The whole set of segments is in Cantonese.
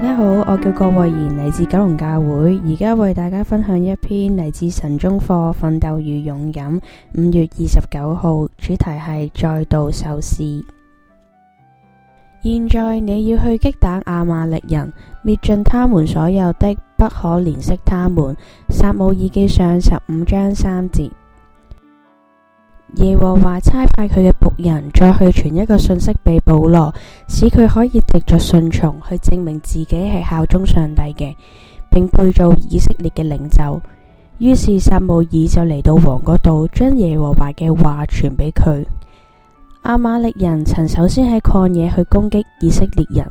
大家好，我叫郭慧賢，嚟自九龍教會，而家為大家分享一篇嚟自神中課《奮鬥與勇敢》，五月二十九號，主題係再度受試。現在你要去擊打亞瑪力人，滅盡他們所有的，不可憐惜他們。撒母耳記上十五章三節。耶和華差派佢嘅僕人再去傳一個信息俾保羅，使佢可以藉著順從，去證明自己係效忠上帝嘅，並配做以色列嘅領袖。於是撒母耳就嚟到王嗰度，將耶和華嘅話傳俾佢。亞瑪力人曾首先喺曠野去攻擊以色列人。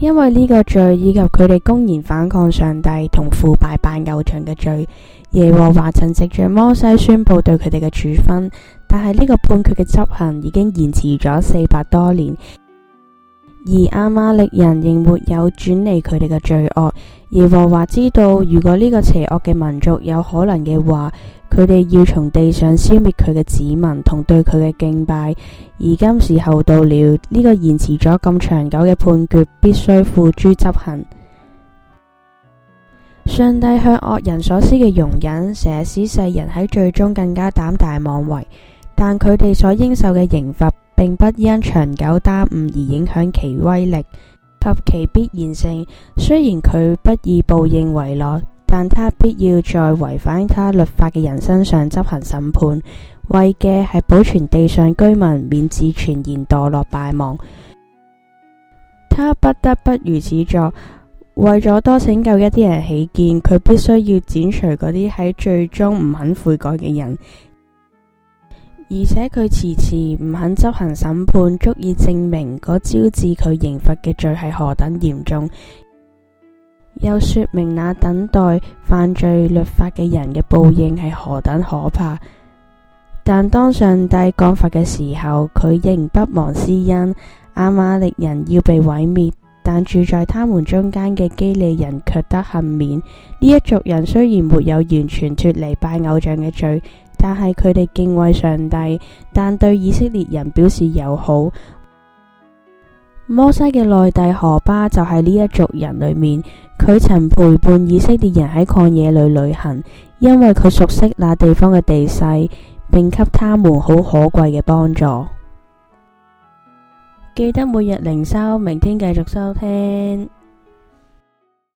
因為呢個罪，以及佢哋公然反抗上帝同腐敗辦偶像嘅罪， 耶和華曾藉住摩西宣布對佢哋嘅處分，但係呢個判決嘅執行已經延遲咗四百多年，而亞瑪力人仍沒有轉離佢哋嘅罪惡。而王華知道，如果呢個邪惡嘅民族有可能嘅話，佢哋要從地上消滅佢嘅子民同對佢嘅敬拜。而今時候到了，呢、這個延遲咗咁長久嘅判決必須付諸執行。上帝向惡人所施嘅容忍，常使世人喺最終更加膽大妄為。但佢哋所應受嘅刑罰，並不因長久耽誤而影響其威力。及其必然性，雖然佢不以報應為樂，但他必要在違反他律法嘅人身上執行審判，為嘅係保存地上居民免致全然墮落敗亡。他不得不如此做，為咗多拯救一啲人起見，佢必須要剪除嗰啲喺最終唔肯悔改嘅人。而且佢遲遲唔肯執行審判，足以證明嗰招致佢刑罰嘅罪係何等嚴重，又說明那等待犯罪律法嘅人嘅報應係何等可怕。但當上帝降罰嘅時候，佢仍不忘施恩。亞瑪力人要被毀滅，但住在他們中間嘅基利人卻得幸免。呢一族人雖然沒有完全脫離拜偶像嘅罪。但係佢哋敬畏上帝，但對以色列人表示友好。摩西嘅內弟荷巴就係呢一族人裏面，佢曾陪伴以色列人喺曠野裏旅行，因為佢熟悉那地方嘅地勢，並給他們好可貴嘅幫助。記得每日靈修，明天繼續收聽。